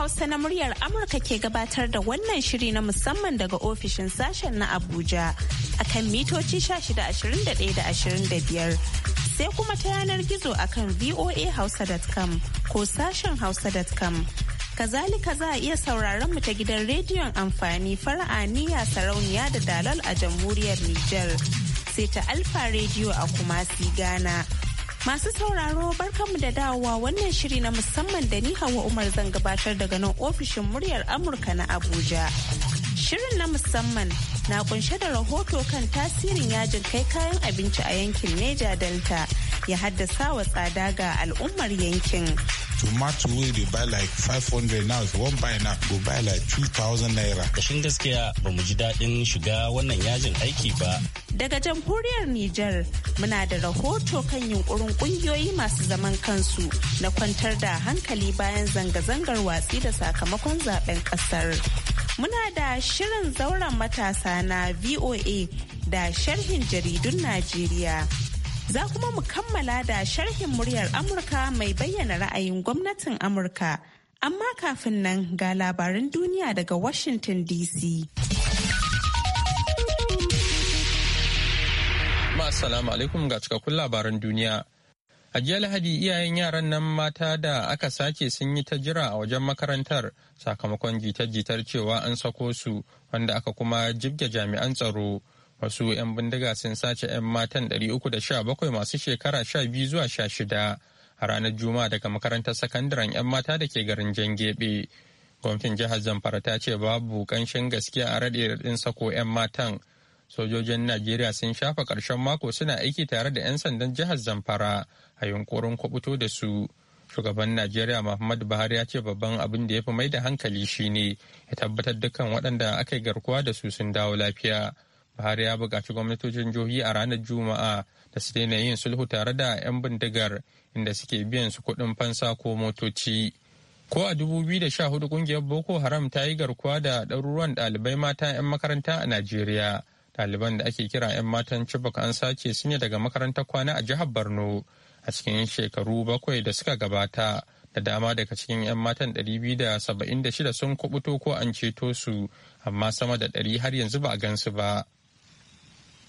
Hausa na muryar Amurka ke gabatar da wannan shiri na musamman daga ofishin sashen na Abuja a kan mitoci 1621 da 25 sai kuma ta yanar gizo akan voahausa.com ko sashen hausa.com. Kazalika za a iya sauraron mu ta gidan rediyon amfani fara'aniya sarauniya da dalal a jamhuriyar Nijar sai ta Alfa rediyo a Kumasi Ghana. Masu sauraro barkanmu da dawowa wannan shiri na musamman da ni Hauwa Umar zan gabatar daga nan ofishin muryar Amurka na Abuja. Shirin na musamman na kunshe da rahoto kan tasirin yajin kai kayan abinci a yankin Neja Delta ya haddasa wa tsada ga al'ummar yankin. tomato wey dey buy like 500 now if you wan buy now go buy like 2000 naira kashin gaskiya ba mu ji daɗin shiga wannan yajin aiki ba daga jamhuriyar Nijar muna da rahoto kan yunkurin ƙungiyoyi masu zaman kansu na kwantar da hankali bayan zanga-zangar watsi da sakamakon zaben ƙasar muna da shirin zauren matasa na VOA da sharhin jaridun Najeriya Za kuma mu kammala da sharhin muryar Amurka mai bayyana ra'ayin gwamnatin Amurka. Amma kafin nan ga labaran duniya daga Washington DC. Assalamu alaikum ga cikakkun labaran duniya. A jiya Lahadi iyayen yaran nan mata da aka sake sun yi ta jira a wajen makarantar sakamakon jita-jitar cewa an sako su wanda aka kuma jibge jami'an tsaro. Wasu 'yan bindiga sun sace 'yan matan 317 masu shekara 12 zuwa 16 a ranar Juma'a daga makarantar sakandaren 'yan mata da ke garin jan Jangebe. Gwamnatin jihar Zamfara ta ce babu ƙanshin gaskiya a raɗe sako 'yan matan. Sojojin Najeriya sun shafa ƙarshen mako suna aiki tare da 'yan sandan jihar Zamfara a yunkurin kwabuto da su. shugaban najeriya muhammadu buhari ya ce babban abin da ya fi mai da hankali shine ya tabbatar dukkan waɗanda aka yi garkuwa da su sun dawo lafiya Buhari ya buƙaci gwamnatocin jihohi a ranar Juma'a da su daina yin sulhu tare da 'yan bindigar inda suke biyan su kuɗin fansa ko motoci. Ko a 2014 kungiyar Boko Haram ta yi garkuwa da ɗaruruwan ɗalibai mata 'yan makaranta a Najeriya. Ɗaliban da ake kira 'yan matan Chibok an sace su ne daga makarantar kwana a jihar Borno a cikin shekaru bakwai da suka gabata. Da dama daga cikin 'yan matan 276 sun kubuto ko an ceto su, amma sama da 100 har yanzu ba a gansu ba.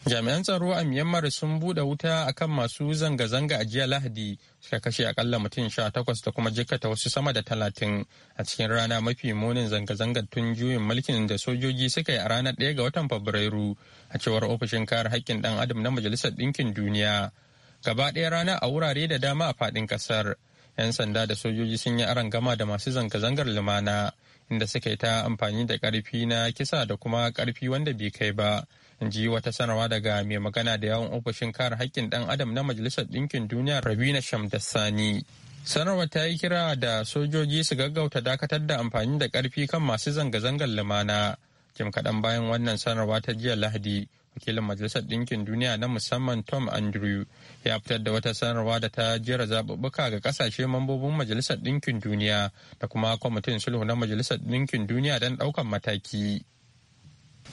Jami'an tsaro a Myanmar sun buɗe wuta akan masu zanga-zanga a jiya Lahadi suka kashe akalla mutum sha takwas da kuma jikkata wasu sama da talatin a cikin rana mafi munin zanga-zangar tun juyin mulkin da sojoji suka yi a ranar ɗaya ga watan Fabrairu a cewar ofishin kare haƙƙin ɗan adam na Majalisar Ɗinkin Duniya. Gaba ɗaya rana a wurare da dama a faɗin ƙasar. 'Yan sanda da sojoji sun yi aron gama da masu zanga-zangar lumana inda suka yi ta amfani da ƙarfi na kisa da kuma ƙarfi wanda bai kai ba. in ji wata sanarwa daga mai magana da yawon ofishin kare haƙƙin ɗan adam na majalisar ɗinkin duniya rabina shamdassani sanarwar ta yi kira da sojoji su gaggauta dakatar da amfani da ƙarfi kan masu zanga-zangar lumana jim kaɗan bayan wannan sanarwa ta jiya lahadi wakilin majalisar ɗinkin duniya na musamman tom andrew ya fitar da wata sanarwa da ta jera zaɓuɓɓuka ga ƙasashe mambobin majalisar ɗinkin duniya da kuma kwamitin sulhu na majalisar ɗinkin duniya don ɗaukan mataki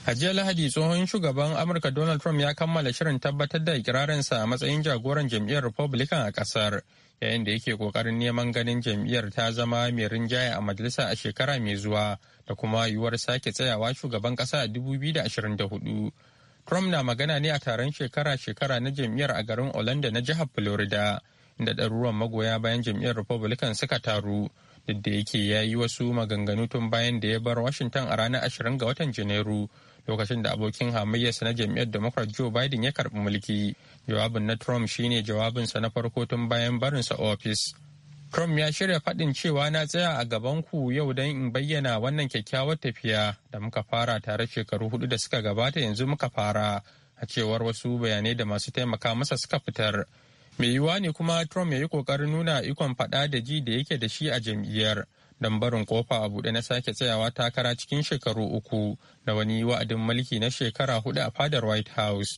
A jiya Lahadi tsohon shugaban Amurka Donald Trump ya kammala shirin tabbatar da ikirarinsa a matsayin jagoran jam'iyyar Republican a ƙasar, yayin da yake kokarin neman ganin jam'iyyar ta zama mai rinjaye a majalisa a shekara mai zuwa da kuma yiwuwar sake tsayawa shugaban ƙasa a 2024. Trump na magana ne a taron shekara-shekara na jam'iyyar a garin Orlando na jihar Florida, inda ɗaruruwan magoya bayan jam'iyyar Republican suka taru. Duk da yake ya yi wasu maganganu tun bayan da ya bar Washington a ranar 20 ga watan Janairu lokacin da abokin hamayyarsa na jam'iyyar democrat joe biden ya karbi mulki jawabin na trump shine jawabinsa na farko tun bayan barinsa ofis trump ya shirya faɗin cewa na tsaya a gaban ku yau don in bayyana wannan kyakkyawar tafiya da muka fara tare shekaru hudu da suka gabata yanzu muka fara a cewar wasu bayanai da masu taimaka masa suka fitar mai yiwuwa ne kuma trump ya yi kokarin nuna ikon faɗa da ji da yake da shi a jam'iyyar don barin kofa a buɗe na sake tsayawa takara cikin shekaru uku da wani wa'adin mulki na shekara hudu a fadar white house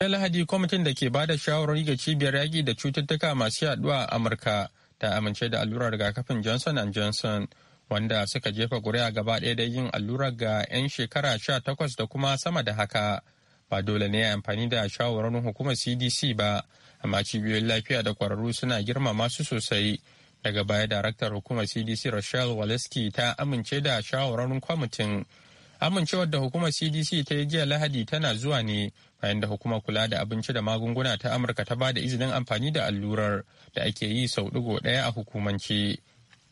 ya lahadi kwamitin da ke ba da shawarwari ga cibiyar yaƙi da cututtuka masu yaduwa a amurka ta amince da allurar rigakafin johnson johnson wanda suka jefa ƙuri'a gaba ɗaya da yin allurar ga 'yan shekara sha takwas da kuma sama da haka ba dole ne a amfani da shawarwarin hukumar cdc ba amma cibiyoyin lafiya da kwararru suna girmama su sosai daga baya daraktar hukumar cdc rochelle waleski ta amince da shawararin kwamitin amincewar da hukumar cdc ta yi jiya lahadi tana zuwa ne bayan da hukumar kula da abinci da magunguna ta amurka ta ba da izinin amfani da allurar da ake yi sau digo daya a hukumance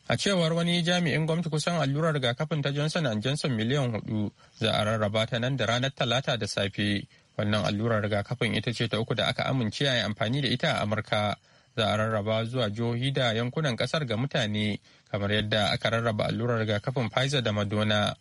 a cewar wani jami'in gwamnati kusan allurar rigakafin ta johnson johnson miliyan hudu za a rarraba ta nan da ranar talata da safe wannan allurar rigakafin ita ce ta uku da aka amince a yi amfani da ita a amurka za a rarraba zuwa jihohi da yankunan kasar ga mutane kamar yadda aka rarraba allurar rigakafin Pfizer da Madonna.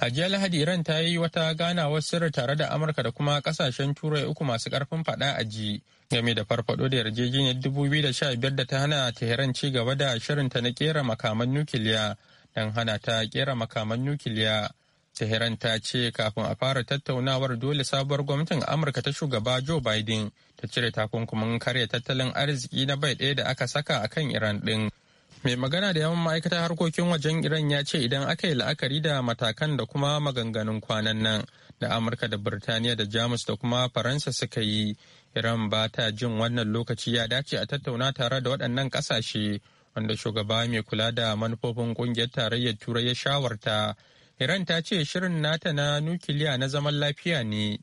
A jiya Lahadi Iran ta yi wata ganawar sirri tare da Amurka da kuma kasashen Turai uku masu karfin fada a ji game da farfado da yarjejeniyar dubu biyu da sha biyar da ta hana Tehran ci gaba da shirinta na kera makaman nukiliya don hana ta kera makaman nukiliya. Tehran ta ce kafin a fara tattaunawar dole sabuwar gwamnatin Amurka ta shugaba Joe Biden ta cire takunkumin karya tattalin arziki na bai ɗaya da aka saka a kan Iran ɗin. Mai magana da yawan ma'aikatar harkokin wajen Iran ya ce idan aka yi la'akari da matakan da kuma maganganun kwanan nan da Amurka da Birtaniya da Jamus da kuma Faransa suka yi, Iran ba ta jin wannan lokaci ya dace a tattauna tare da waɗannan ƙasashe wanda shugaba mai kula da manufofin ƙungiyar tarayyar Turai ya shawarta Iran ta ce shirin nata na nukiliya na zaman lafiya ne.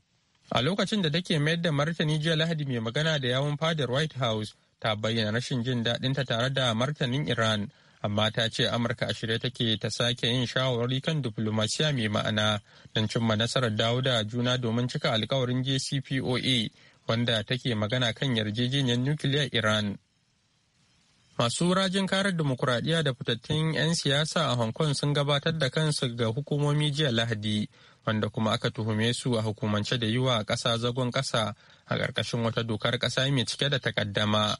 A lokacin da take mayar da martani jiya Lahadi mai magana da yawun fadar White House ta bayyana rashin jin daɗinta tare da martanin Iran, amma ta ce Amurka a shirye take ta sake yin shawarwari kan diflomasiya mai ma'ana don cimma nasarar dawo da juna domin cika alkawarin JCPOA wanda take magana kan yarjejeniyar nukiliyar Iran. Masu rajin karar demokuraɗiyya da fitattun 'yan siyasa a Hong Kong sun gabatar da kansu ga hukumomi jiya Lahadi, wanda kuma aka tuhume su a hukumance da yiwa ƙasa zagon ƙasa a ƙarƙashin wata dokar ƙasa mai cike da takaddama.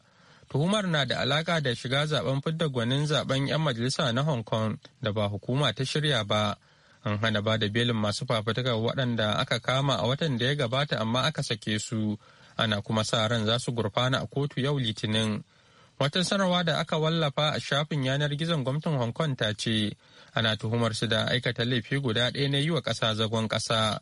Tuhumar na da alaƙa da shiga zaben fidda gwanin zaben 'yan majalisa na Hong Kong da ba hukuma ta shirya ba. An hana ba da belin masu fafutukar waɗanda aka kama a watan da ya gabata amma aka sake su. Ana kuma sa ran za su gurfana a kotu yau Litinin. Wata sanarwa da aka wallafa a shafin yanar gizon gwamnatin Hong Kong ta ce ana tuhumar su da aikata laifi guda ɗaya na yi wa ƙasa zagon ƙasa.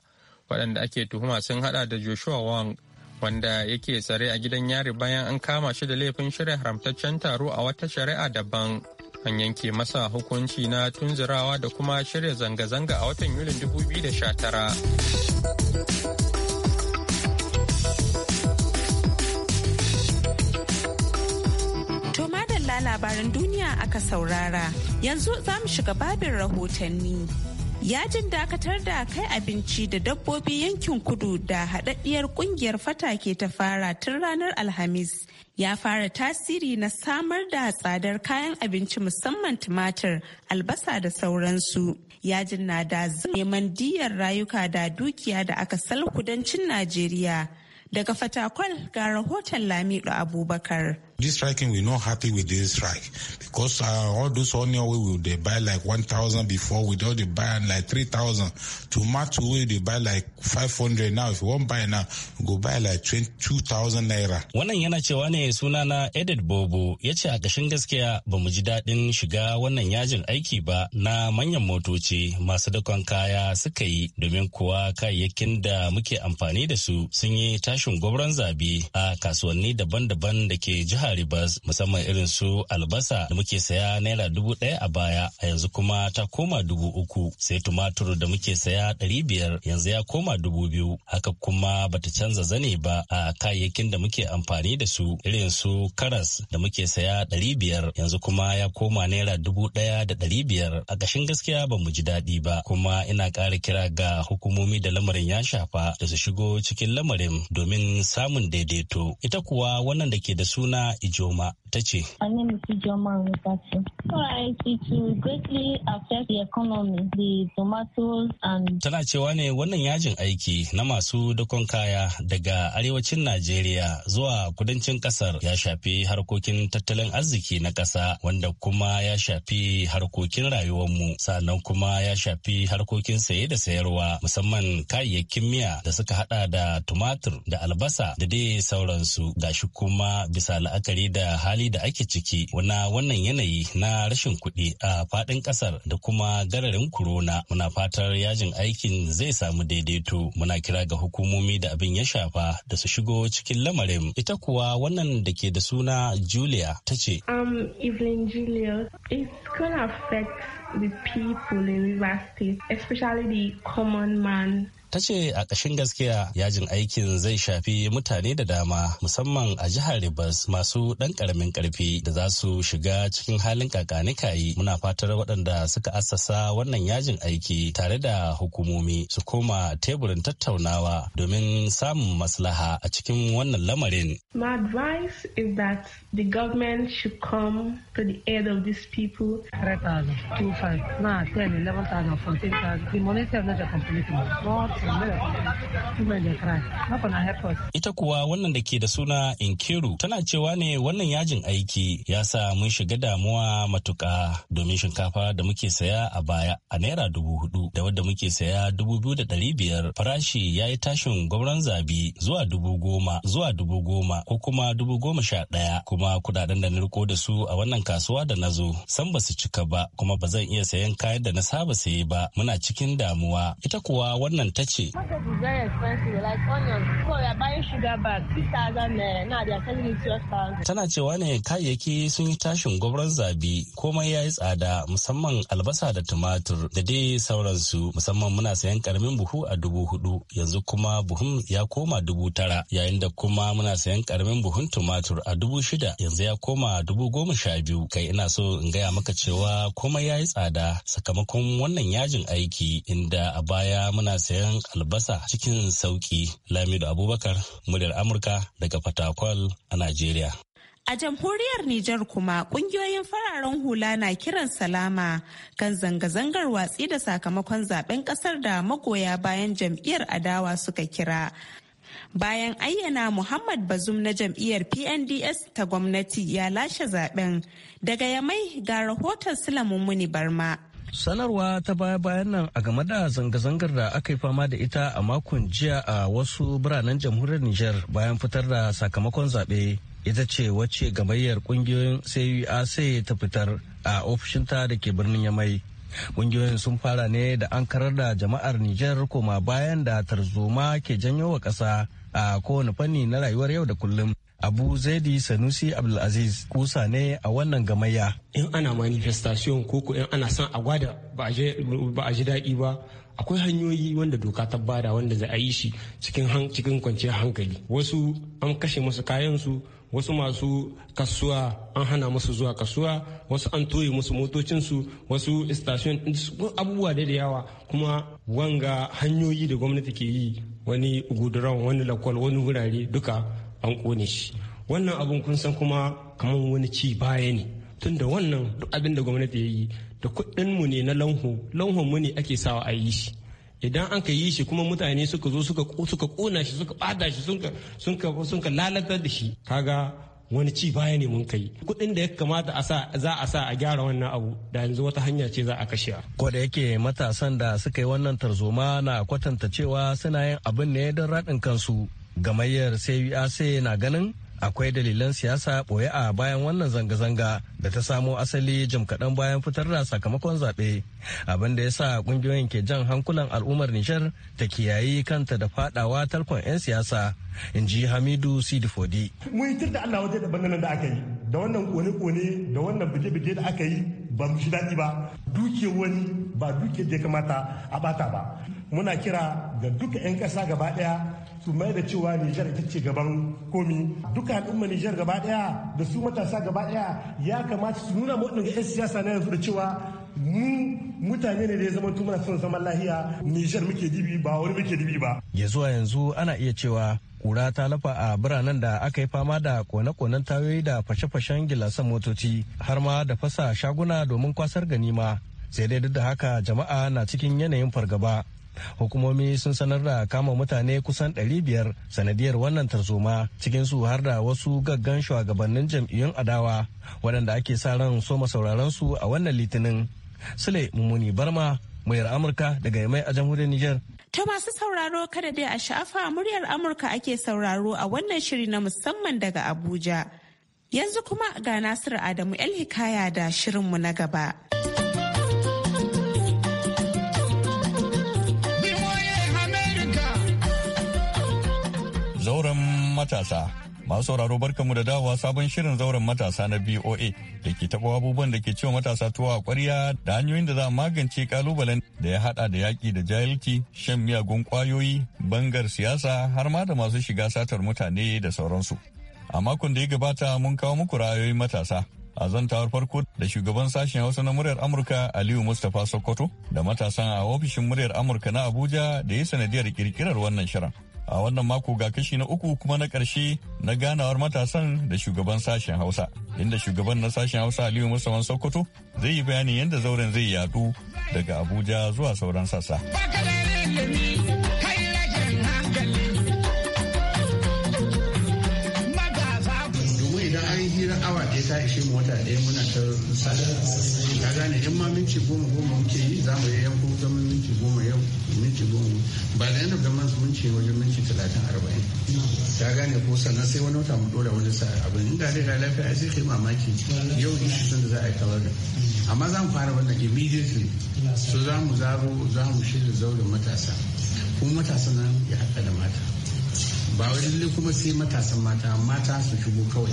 Waɗanda ake tuhuma sun haɗa da Joshua Wong wanda yake tsare a gidan yari bayan an kama shi da laifin shirya haramtaccen taro a wata shari'a daban. An yanke masa hukunci na tunzurawa da kuma shirya zanga-zanga a watan Yulin 2019. labaran duniya aka saurara. Yanzu za mu shiga babin rahotanni. Yajin dakatar da kai abinci da dabbobi yankin kudu da haɗaɗɗiyar ƙungiyar fata ke ta fara tun ranar Alhamis. ya fara tasiri na samar da tsadar kayan abinci musamman tumatir albasa da sauransu yajin na da neman diyar rayuka da dukiya da aka sal kudancin najeriya daga fatakwal ga rahoton lamido abubakar This striking, we're not happy with this strike because uh, all those onion we will they buy like 1,000 before, we don't buy like 3,000. Tomato we they buy like 500 now. If you won't buy now, go buy like 2,000 naira. Wannan yana cewa ne sunana Edit Bobo ya ce a ƙashin gaskiya ba mu ji daɗin shiga wannan yajin aiki ba na manyan motoci masu dakon kaya suka yi domin kuwa kayayyakin da muke amfani da su sun yi tashin gwabron zaɓe a kasuwanni daban-daban da ke jihar jihar Rivers musamman irin su albasa da muke saya naira dubu ɗaya a baya a yanzu kuma ta koma dubu uku sai tumatur da muke saya ɗari biyar yanzu ya koma dubu biyu haka kuma bata canza zane ba a kayayyakin da muke amfani da su irin su karas da muke saya ɗari biyar yanzu kuma ya koma naira dubu ɗaya da ɗari biyar a ƙashin gaskiya ba mu ji daɗi ba kuma ina ƙara kira ga hukumomi da lamarin ya shafa da su shigo cikin lamarin domin samun daidaito ita kuwa wannan da ke da suna Ijoma ta ce. Tana cewa ne wannan yajin aiki na masu dakon kaya daga arewacin Najeriya zuwa kudancin kasar ya shafi harkokin tattalin arziki na ƙasa wanda kuma ya shafi harkokin rayuwarmu sannan kuma ya shafi harkokin saye da sayarwa musamman kayayyakin miya da suka hada da tumatur da albasa da dai sauransu gashi kuma bisa la'akari la'akari da hali da ake ciki na wannan yanayi na rashin kuɗi a faɗin ƙasar da kuma gararin corona muna fatar yajin aikin zai samu daidaito muna kira ga hukumomi da abin ya shafa da su shigo cikin lamarin ita kuwa wannan da ke da suna julia ta ce um, evelyn julia it's gonna affect the people in river the common man ta ce a ƙashin gaskiya yajin aikin zai shafi mutane da dama musamman a jihar Ribas masu ɗan ƙaramin ƙarfi da za su shiga cikin halin kakanikayi muna fatar waɗanda suka assasa wannan yajin aiki tare da hukumomi su koma teburin tattaunawa domin samun maslaha a cikin wannan lamarin. My advice is that the government should come to the aid of these people. The money is not Ita kuwa wannan da ke da suna Inkiru tana cewa ne wannan yajin aiki ya sa mun shiga damuwa matuka domin shinkafa da muke saya a baya a naira dubu hudu da wadda muke saya dubu biyu da dari biyar farashi ya yi tashin gwamnan zabi zuwa dubu goma zuwa dubu goma ko kuma dubu goma sha ɗaya kuma kudaden da na riko da su a wannan kasuwa da na zo san ba su cika ba kuma ba zan iya sayan kayan da na saba saye ba muna cikin damuwa ita kuwa wannan ta ce. Eh, Tana cewa ne kayayyaki sun yi tashin gwabron zabi komai ya yi tsada musamman albasa da tumatur da dai sauransu musamman muna sayan karamin buhu a dubu hudu yanzu kuma buhun ya koma dubu tara yayin da kuma muna sayan karamin buhun tumatur a dubu shida yanzu ya koma dubu goma sha biyu kai ina so in gaya maka cewa komai ya yi tsada sakamakon wannan yajin aiki inda a baya muna sayan albasa cikin sauki. Lamido Abubakar, muryar Amurka daga Fatakwal a Najeriya. A jamhuriyar Nijar kuma kungiyoyin fararen hula na kiran salama kan zanga-zangar watsi da sakamakon zaben kasar da magoya bayan jam'iyyar adawa suka kira. Bayan ayyana Muhammad Bazum na jam'iyyar PNDS ta gwamnati ya lashe zaben daga yamai ga rahoton Sulamun Muni Barma. sanarwa ta baya-bayan nan a game da zanga-zangar da aka yi fama da ita a makon jiya a wasu biranen jamhuriyar Nijar bayan fitar da sakamakon zaɓe ita ce wacce gamayyar ƙungiyoyin CUAC ta fitar a ofishinta da ke birnin Yamai. Ƙungiyoyin sun fara ne da an karar da jama'ar Nijar koma bayan da tarzoma ke janyo wa ƙasa a kowane fanni na rayuwar yau da kullum. Abu Zaidi Sanusi Abdulaziz kusa ne a wannan gamayya. In ana manifestation ko ko in ana son a gwada ba a ji daɗi ba akwai hanyoyi wanda doka ta bada wanda za a yi shi cikin cikin kwanciyar hankali wasu an kashe musu kayansu su wasu masu kasuwa an hana musu zuwa kasuwa wasu an toye musu motocinsu wasu station abubuwa da yawa kuma wanga hanyoyi da gwamnati ke yi wani guduran wani lakwal wani wurare duka an kone shi wannan abun kun san kuma kamar wani ci baya ne tunda wannan duk abin da gwamnati ya yi da kuɗin mu ne na lanho lanhon mu ne ake sawa a yi shi idan an ka yi shi kuma mutane suka zo suka suka kona shi suka bada shi suka suka suka lalatar da shi kaga wani ci baya ne mun kai kuɗin da ya kamata za a sa a gyara wannan abu da yanzu wata hanya ce za a kashe ko da yake matasan da suka yi wannan tarzoma na kwatanta cewa suna yin abin ne don raɗin kansu Gamayyar sai na ganin akwai dalilan siyasa ɓoye a bayan wannan zanga-zanga da ta samo asali jim kaɗan bayan fitar da sakamakon zaɓe abin da ya sa ƙungiyoyin ke jan hankulan al'ummar nishar ta kiyayi kanta da fadawa tarkon 'yan siyasa in ji hamidu sidifodi mun yi da allah waje da nan da aka yi da wannan kone-kone da wannan bige-bige da aka yi ba mu shi daɗi ba duke wani ba duke da ya kamata a bata ba muna kira ga duka 'yan ƙasa gaba ɗaya su mai da cewa Nijar ita ce gaban komi duka al'umma Nijar gaba daya da su matasa gaba daya ya kamata su nuna ga 'yan siyasa na yanzu da cewa mu mutane ne da ya zama muna son zaman lahiya Nijar muke dibi ba wani muke dibi ba. Ya zuwa yanzu ana iya cewa kura ta lafa a biranen da aka yi fama da kone-konen tayoyi da fashe-fashen gilasan motoci har ma da fasa shaguna domin kwasar ganima sai dai duk da haka jama'a na cikin yanayin fargaba hukumomi sun sanar da kama mutane kusan 500 sanadiyar wannan tarzoma su har da wasu gaggan shugabannin jam'iyyun adawa waɗanda ake sa ran soma su a wannan litinin sule mummuni barma mayar amurka daga yamai a jamhuriyar niger ta masu sauraro kada dai a sha'afa muryar amurka ake sauraro a wannan shiri na musamman daga abuja yanzu kuma ga nasiru adamu 'yan hikaya da shirinmu na gaba. matasa. Masu sauraro barkamu da dawowa sabon shirin zauren matasa na BOA da ke taɓa abubuwan da ke cewa matasa tuwa a ƙwarya da hanyoyin da za a magance ƙalubalen da ya haɗa da yaƙi da jahilci, shan miyagun ƙwayoyi, bangar siyasa har ma da masu shiga satar mutane da sauransu. A makon da ya gabata mun kawo muku ra'ayoyin matasa. a zantawar farko da shugaban sashen hausa na muryar amurka aliyu mustapha sokoto da matasan a ofishin muryar amurka na abuja da ya sanadiyar ƙirƙirar wannan shirin a wannan mako ga kashi na uku kuma na karshe na ganawar matasan da shugaban sashen hausa inda shugaban na sashen hausa aliyu musamman sokoto zai yi bayanin yadda zauren zai yadu daga abuja zuwa sauran sassa. idan an hira awa ɗaya ta ishe mu wata ɗaya muna ta ka gane in ma minti goma goma muke yi za mu ko zaman minti goma yau minti goma ba da yana su minci wajen minti talatin arba'in ka gane ko sannan sai wani wata mu ɗora wani sa abin inda dai da lafiya ai sai kai mamaki yau ishi shi da za a yi kawar da. amma za mu fara wannan immediately so za mu zaro za mu shirya zaurin matasa kuma matasa nan ya haɗa da mata ba wajen kuma sai matasan mata mata su shigo kawai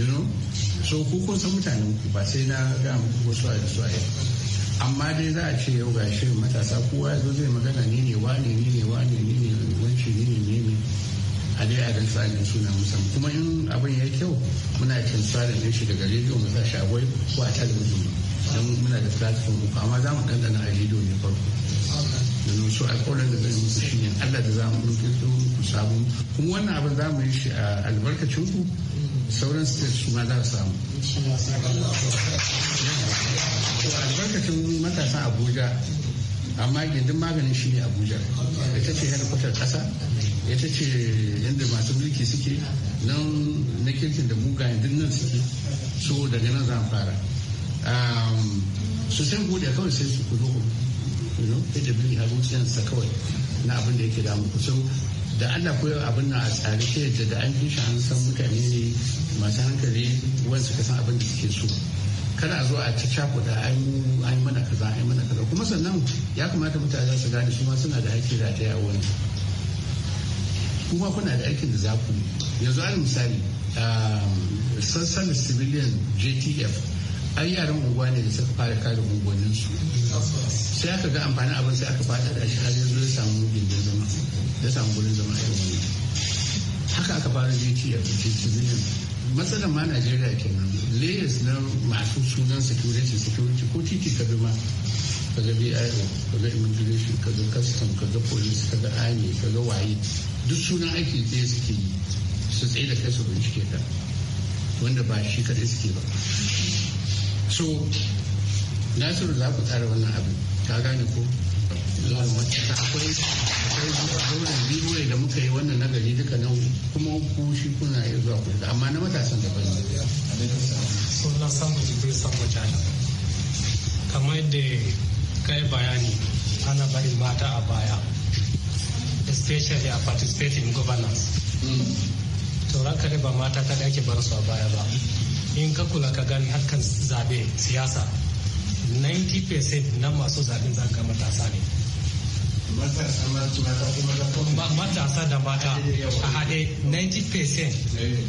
you know so ku kun san mutanen ku ba sai na ga muku ko suwaye suwaye amma dai za a ce yau gashi matasa kowa zo zai magana ni ne wane ni ne wane ni ne wanci ni ne ne ne a dai a rantsa ne suna musamman kuma in abin ya kyau muna cin tsarin ne shi daga rediyo mu sa shagwai ko a talabijin don muna da platform uku amma za mu ɗanɗana a rediyo ne farko domin su alƙawarin da zai musu shi ne allah da za mu ɗauke muku kuma wannan abin za mu yi shi a albarkacin ku sauran state su ma za su samu albarkacin matasan abuja amma gindin maganin shi ne abuja ita ce helikwatar ƙasa ita ce yadda masu mulki suke nan na kirkin da mugayen duk nan suke so daga nan za a fara su san bude kawai sai su kudu ku da bin hagu kawai na abin da yake damu so da Allah ko abin nan a tsari shi yadda da an kishi an san mutane ne masu hankali wanda suka san abin da suke so kana zo a ta da an yi mana kaza an yi mana kaza kuma sannan ya kamata mutane su gane su ma suna da aiki da ta yawon kuma kuna da aikin da za ku yanzu an misali um, sassan civilian jtf a yaran unguwa ne da suka fara kare unguwanninsu sai aka ga amfani abin sai aka fada da shi har yanzu ya samu gindin zama da samu gurin zama a yawon wani. haka aka fara duty a civilian matsalar ma najeriya kenan layers na masu sunan security security ko titi ka ma ka bio kaga immigration ga custom ka ga police ka kaga army ga waye duk sunan aiki ɗaya suke yi su tsaye da kai su bincike ka wanda ba shi kaɗai suke ba so nasiru za ku tsara wannan abin ka gane ko akwai biyu da muka yi wannan nagari duka nan kuma ku shi kuna yi zuwa ku amma na matasan da ban suna samun jibril samun jana kamar yadda kai bayani ana bari mata a baya especially a participating governance tsoron kare ba mata kada ake bar su a baya ba in ka kula ka gani harkar zabe siyasa 90% na masu zaben zaka matasa ne matasa da mata a haɗe 90%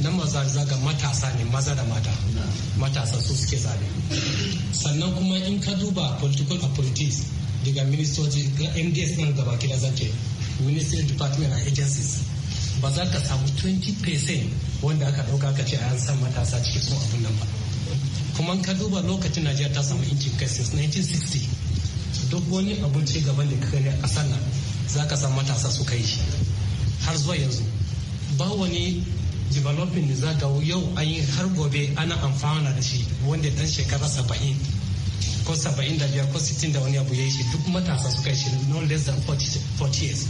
na mazaga matasa ne maza da mata matasa su suke zaɓe sannan kuma in ka duba political appointees daga ministoci mds nan gaba kira zance ministry department and agencies ba za ka samu 20% wanda aka ɗauka ka ce an san matasa cikin sun abun nan ba kuma ka duba lokacin najeriya ta samu incin kai since 1960 duk wani abinci gaban da ka a ƙasar nan za ka san matasa su kai shi har zuwa yanzu ba wani developing da za ga yau an yi har gobe ana amfana da shi wanda dan shekara saba'in ko saba'in da biyar ko sittin da wani abu ya yi shi duk matasa suka yi shi no less than 40 years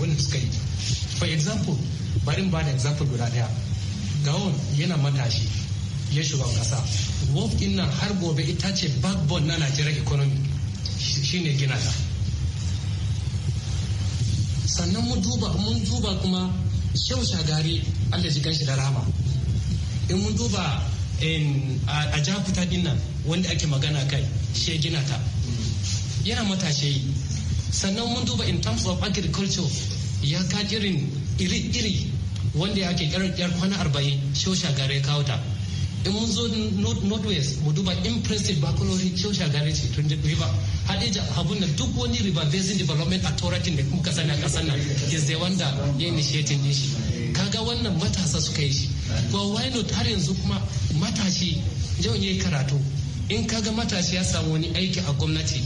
wani suka yi for example bari ba da example guda daya gawon yana matashi ya shugaban kasa wolf din nan har gobe ita ce backbone na nigeria economy shine gina ta sannan mu duba mun duba kuma shau shagari allah ji ganshi da rama in mun duba a jakuta din nan wanda ake magana kai shi gina ta yana matashe yi sannan mun duba in terms of agriculture ya ka irin iri-iri wanda ya ke yar kwana arba'in shau shagari ya kawo ta in eh, mun zo west mu duba impressive baccalaureate social guarantee tun river hadija abun nan duk wani river basin development authority da kuka kasa na kasar nan is the wanda ya initiating din shi kaga wannan matasa suka yi shi ba why not har yanzu kuma matashi yau yayi karatu in kaga matashi ya samu wani aiki a gwamnati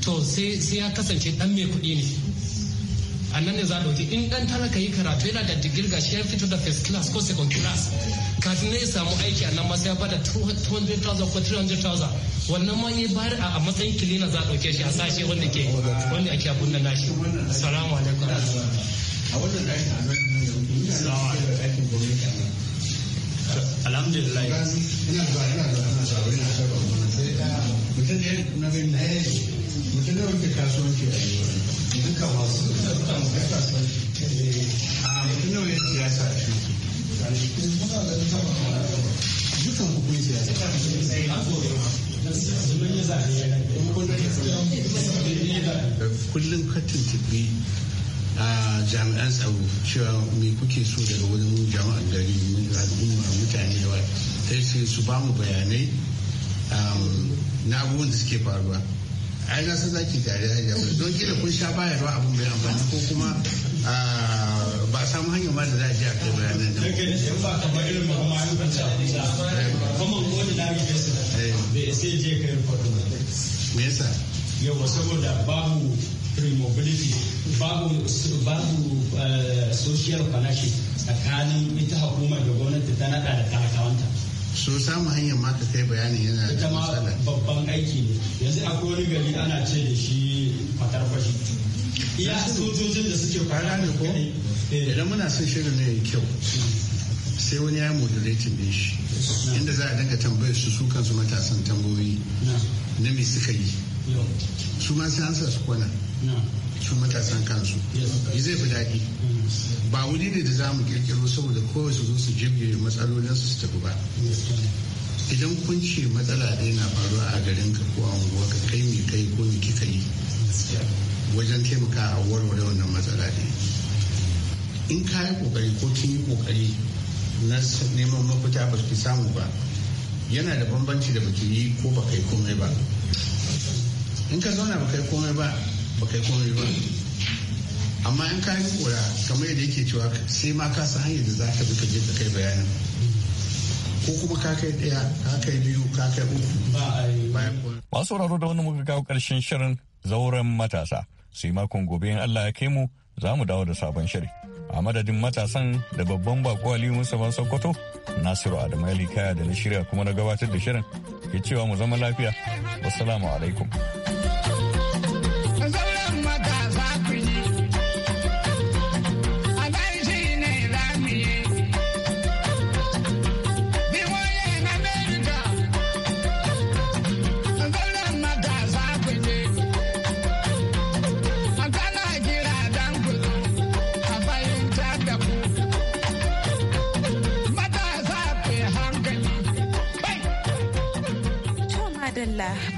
to sai ya kasance dan mai kuɗi ne a nan ne za a ɗauki in ɗan talaka yi karatu yana da digiri ga shi ya fito da first class ko second class kafin ne ya samu aiki a nan ma sai ya bada 200,000 ko 300,000 wannan ma ya bayar a matsayin kilina za a ɗauke shi a sashe wanda ke wanda ake abun da nashi salamu alaikum alhamdulillah ah, mutum ne na bin na mutum ne kasuwanci a yi duka masu sun eh, a mutum ya da siyasa ta fi sai kullum ka tuntuɓi a jami'an tsaro cewa me kuke so daga wurin jama'an gari al'umma mutane yawa sai su ba mu bayanai na abubuwan da suke faruwa ai na san zaki dariya hanya ba don kila kun sha bayarwa abun mai amfani ko kuma ah, ba samu hanyar ma da za a ji a kai bayanan da ba kamar irin ba kuma an kwanci a Ba eh. kuma ko da dami da su eh. Be sai je kai rufato me yasa yawa saboda babu removability babu babu eh, social connection tsakanin ita hukumar da gwamnati ta nada da talakawanta so samu hanyar ma ka kai bayanin yana da matsala babban aiki ne yanzu a wani gari ana ce da shi fatar fashi iya sojojin da suke fara ne ko eh. idan muna son shirin ne kyau sai wani ya modulating din shi inda za a dinga tambayar su su kansu matasan tambayoyi na me suka yi su ma sai an sa su kwana su matasan kansu zai fi daɗi ba wuri ne da za mu kirkiro saboda kowai su zo su jibge matsalolin su su tafi ba idan kun ce matsala ɗaya na faruwa a garin ka ko a unguwa ka kai mai kai ko mai kika yi wajen taimaka a warware wannan matsala ɗaya in ka yi kokari ko kin yi kokari na neman mafita ba ki samu ba yana da bambanci da baki yi ko ba kai komai ba in ka zauna ba kai komai ba ba kai komai ba amma in ka yi kura kamar yadda yake cewa sai ma ka san hanyar da za ka bi ka je ka kai bayanin ko kuma ka kai ɗaya ka kai biyu ka kai uku masu sauraro da wani muka kawo karshen shirin zauren matasa sai makon gobe in Allah ya kai mu za mu dawo da sabon shiri a madadin matasan da babban bako Aliyu Musa Sokoto Nasiru Adamu Kaya da na shirya kuma na gabatar da shirin ke cewa mu zama lafiya wassalamu alaikum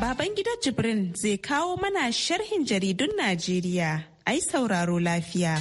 baban gida Jibrin zai kawo mana sharhin jaridun Najeriya. Ai sauraro lafiya.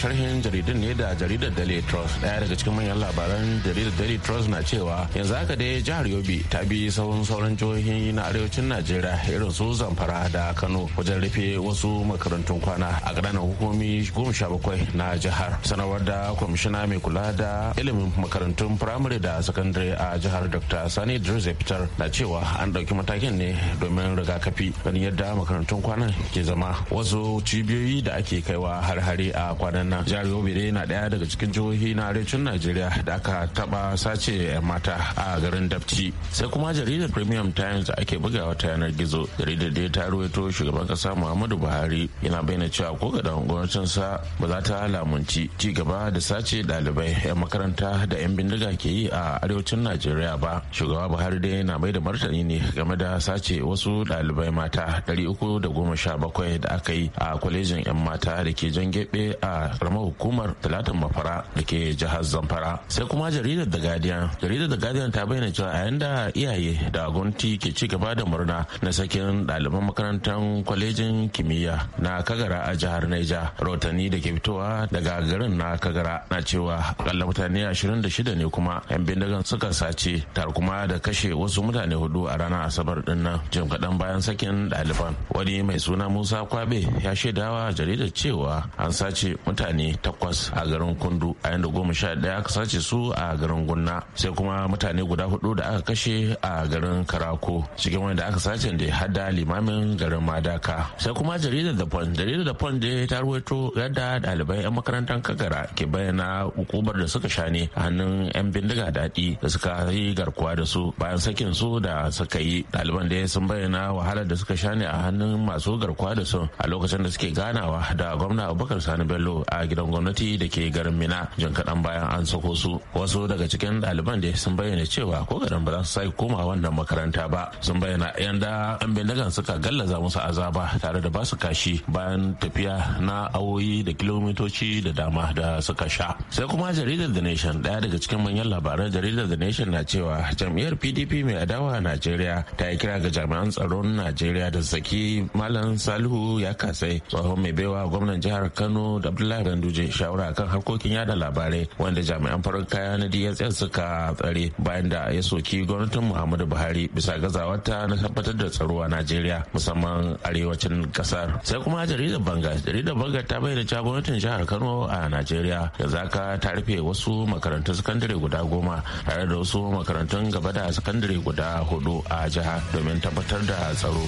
sharhin jaridun ne da jaridar daily trust daya daga cikin manyan labaran jaridar daily trust na cewa yanzu haka dai jihar yobe ta bi sauran sauran jihohi na arewacin najeriya irin su zamfara da kano wajen rufe wasu makarantun kwana a ƙananan hukumomi goma sha bakwai na jihar sanawar da kwamishina mai kula da ilimin makarantun firamare da sakandare a jihar dr sani drizzy fitar na cewa an ɗauki matakin ne domin rigakafi ganin yadda makarantun kwanan ke zama wasu cibiyoyi da ake kaiwa har hari a kwanan nan jihar yobe dai na daya daga cikin jihohi na arewacin najeriya da aka taba sace yan mata a garin dabci sai kuma jaridar premium times da ake buga wata yanar gizo jaridar dai ta ruwaito shugaban kasa muhammadu buhari yana bayyana cewa ko kaɗan gwamnatin sa ba za ta lamunci ci gaba da sace ɗalibai yan makaranta da yan bindiga ke yi a arewacin najeriya ba shugaba buhari dai yana mai da martani ne game da sace wasu ɗalibai mata 317 da aka yi a kwalejin yan mata da ke jan gebe a karamar hukumar talatin mafara da ke jihar zamfara sai kuma jaridar da guardian jaridar da guardian ta bayyana cewa a yanda iyaye da gwamnati ke ci gaba da murna na sakin ɗaliban makarantar kwalejin kimiyya na kagara a jihar naija rahotanni da ke fitowa daga garin na kagara na cewa akalla mutane shida ne kuma 'yan bindigan suka sace tare kuma da kashe wasu mutane hudu a ranar asabar din nan jim kaɗan bayan sakin ɗaliban wani mai suna musa kwabe ya shaidawa jaridar cewa an sace mutane fulani takwas a garin kundu a yanda goma sha daya aka sace su a garin gunna sai kuma mutane guda hudu da aka kashe a garin karako cikin wanda aka sace da hada limamin garin madaka sai kuma jaridar da pon jaridar da pon da ta ruwaito yadda ɗaliban 'yan makarantar kagara ke bayyana hukumar da suka sha ne a hannun 'yan bindiga daɗi da suka yi garkuwa da su bayan sakin su da suka yi ɗaliban da sun bayyana wahalar da suka sha ne a hannun masu garkuwa da su a lokacin da suke ganawa da gwamna abubakar sani bello a a gidan gwamnati da ke garin mina jin kaɗan bayan an sako su wasu daga cikin ɗaliban da sun bayyana cewa ko garin ba za su sake koma wannan makaranta ba sun bayyana yanda an bindigan suka gallaza musu azaba tare da basu kashi bayan tafiya na awoyi da kilomitoci da dama da suka sha sai kuma jaridar the nation ɗaya daga cikin manyan labaran jaridar the nation na cewa jam'iyyar pdp mai adawa a najeriya ta yi kira ga jami'an tsaron najeriya da saki malam salihu ya kasai tsohon mai baiwa gwamnan jihar kano da abdullahi ganduje shawara kan harkokin yada labarai wanda jami'an farin kaya na dss suka tsare bayan da ya soki gwamnatin muhammadu buhari bisa gazawarta na tabbatar da tsaro a najeriya musamman arewacin kasar sai kuma jaridar banga jaridar banga ta bayyana cewa gwamnatin jihar kano a najeriya da zaka ta rufe wasu makarantun sakandare guda goma tare da wasu makarantun gaba da sakandare guda hudu a jiha domin tabbatar da tsaro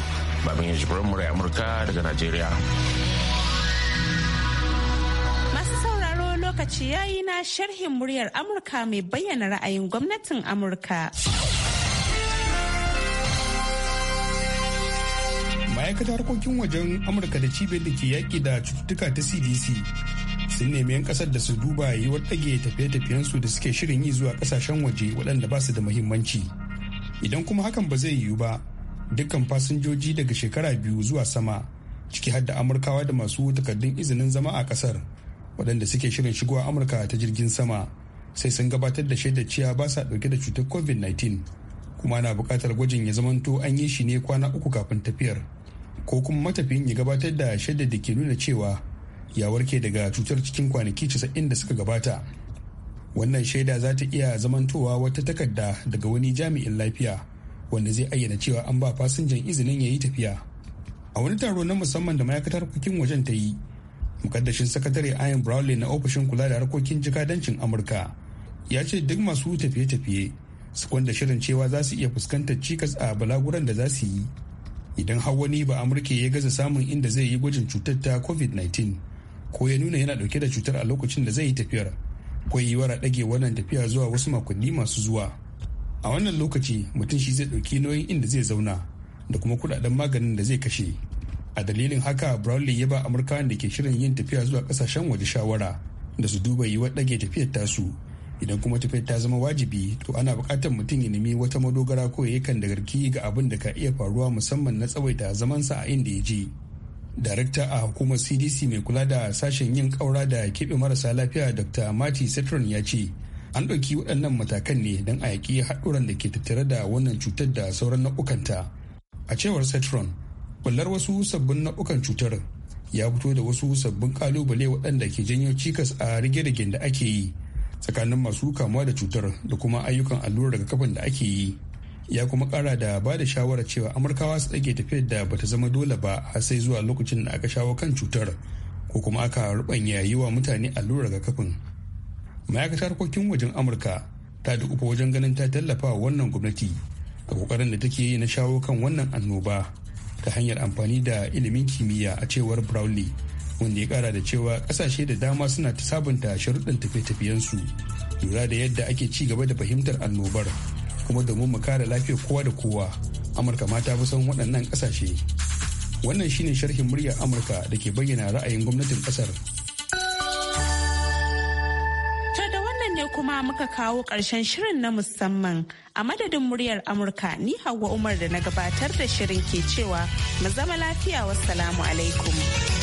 babin yajibirin murai amurka daga najeriya lokaci yi na sharhin muryar Amurka mai bayyana ra'ayin gwamnatin Amurka. ma'aikata harkokin wajen Amurka da cibiyar da ke yaƙi da cututtuka ta CDC sun nemi 'yan ƙasar da su duba yiwuwar ɗage tafiye-tafiyensu da suke shirin yi zuwa kasashen waje waɗanda ba su da muhimmanci. Idan kuma hakan ba zai yiwu ba, dukkan fasinjoji daga shekara biyu zuwa sama, ciki har da Amurkawa da masu takardun izinin zama a ƙasar. waɗanda suke shirin shigowa amurka ta jirgin sama sai sun gabatar da shaidar cewa ba sa ɗauke da cutar covid-19 kuma na buƙatar gwajin ya zamanto an yi shi ne kwana uku kafin tafiyar ko kuma matafiyin ya gabatar da shaidar da ke nuna cewa ya warke daga cutar cikin kwanaki casa'in da suka gabata wannan shaida za ta iya zamantowa wata takarda daga wani jami'in lafiya wanda zai ayyana cewa an ba fasinjan izinin ya yi tafiya a wani taro na musamman da ma'aikatar hukumar wajen ta yi mukaddashin sakatare ayan brawley na ofishin kula da harkokin jikadancin amurka ya ce duk masu tafiye-tafiye su kwanda shirin cewa za su iya fuskantar cikas a balaguran da za su yi idan har wani ba amurka ya gaza samun inda zai yi gwajin cutar ta covid-19 ko ya nuna yana dauke da cutar a lokacin da zai yi tafiyar ko yiwuwar a dage wannan tafiya zuwa wasu makonni masu zuwa a wannan lokaci mutum shi zai ɗauki nauyin inda zai zauna da kuma kudaden maganin da zai kashe a dalilin haka brownlee ya ba amurkawan da ke shirin yin tafiya zuwa kasashen waje shawara da su duba yiwuwar ɗage tafiyar tasu idan kuma tafiyar ta zama wajibi to ana buƙatar mutum ya nemi wata madogara ko yakan da ga abin da ka iya faruwa musamman na tsawaita zamansa a inda ya je darakta a hukumar cdc mai kula da sashen yin ƙaura da keɓe marasa lafiya dr mati setron ya ce an ɗauki waɗannan matakan ne don a yaƙi haɗuran da ke tattare da wannan cutar da sauran nau'ukanta a cewar setron kwallar wasu sabbin nau'ukan cutar ya fito da wasu sabbin kalubale waɗanda ke janyo cikas a rige-rigen da ake yi tsakanin masu kamuwa da cutar da kuma ayyukan allurar kafin da ake yi ya kuma kara da ba da shawarar cewa amurkawa su ɗage tafiyar da bata zama dole ba har sai zuwa lokacin da aka shawo kan cutar ko kuma aka rubanya yi wa mutane allurar kafin ma'aikatar harkokin wajen amurka ta uku wajen ganin ta tallafa wannan gwamnati a ƙoƙarin da take yi na shawo kan wannan annoba ta hanyar amfani da ilimin kimiyya a cewar Brownlee wanda ya kara da cewa kasashe da dama suna ta sabunta sharuɗan tafiye-tafiyensu lura da yadda ake ci gaba da fahimtar annobar kuma domin mu kare lafiyar kowa da kowa amurka ma ta fi son waɗannan kasashe wannan shine sharhin muryar amurka da ke bayyana ra'ayin gwamnatin ƙasar ma muka kawo ƙarshen shirin na musamman a madadin muryar Amurka ni Hauwa Umar da na gabatar da shirin ke cewa mu zama lafiya wassalamu alaikum.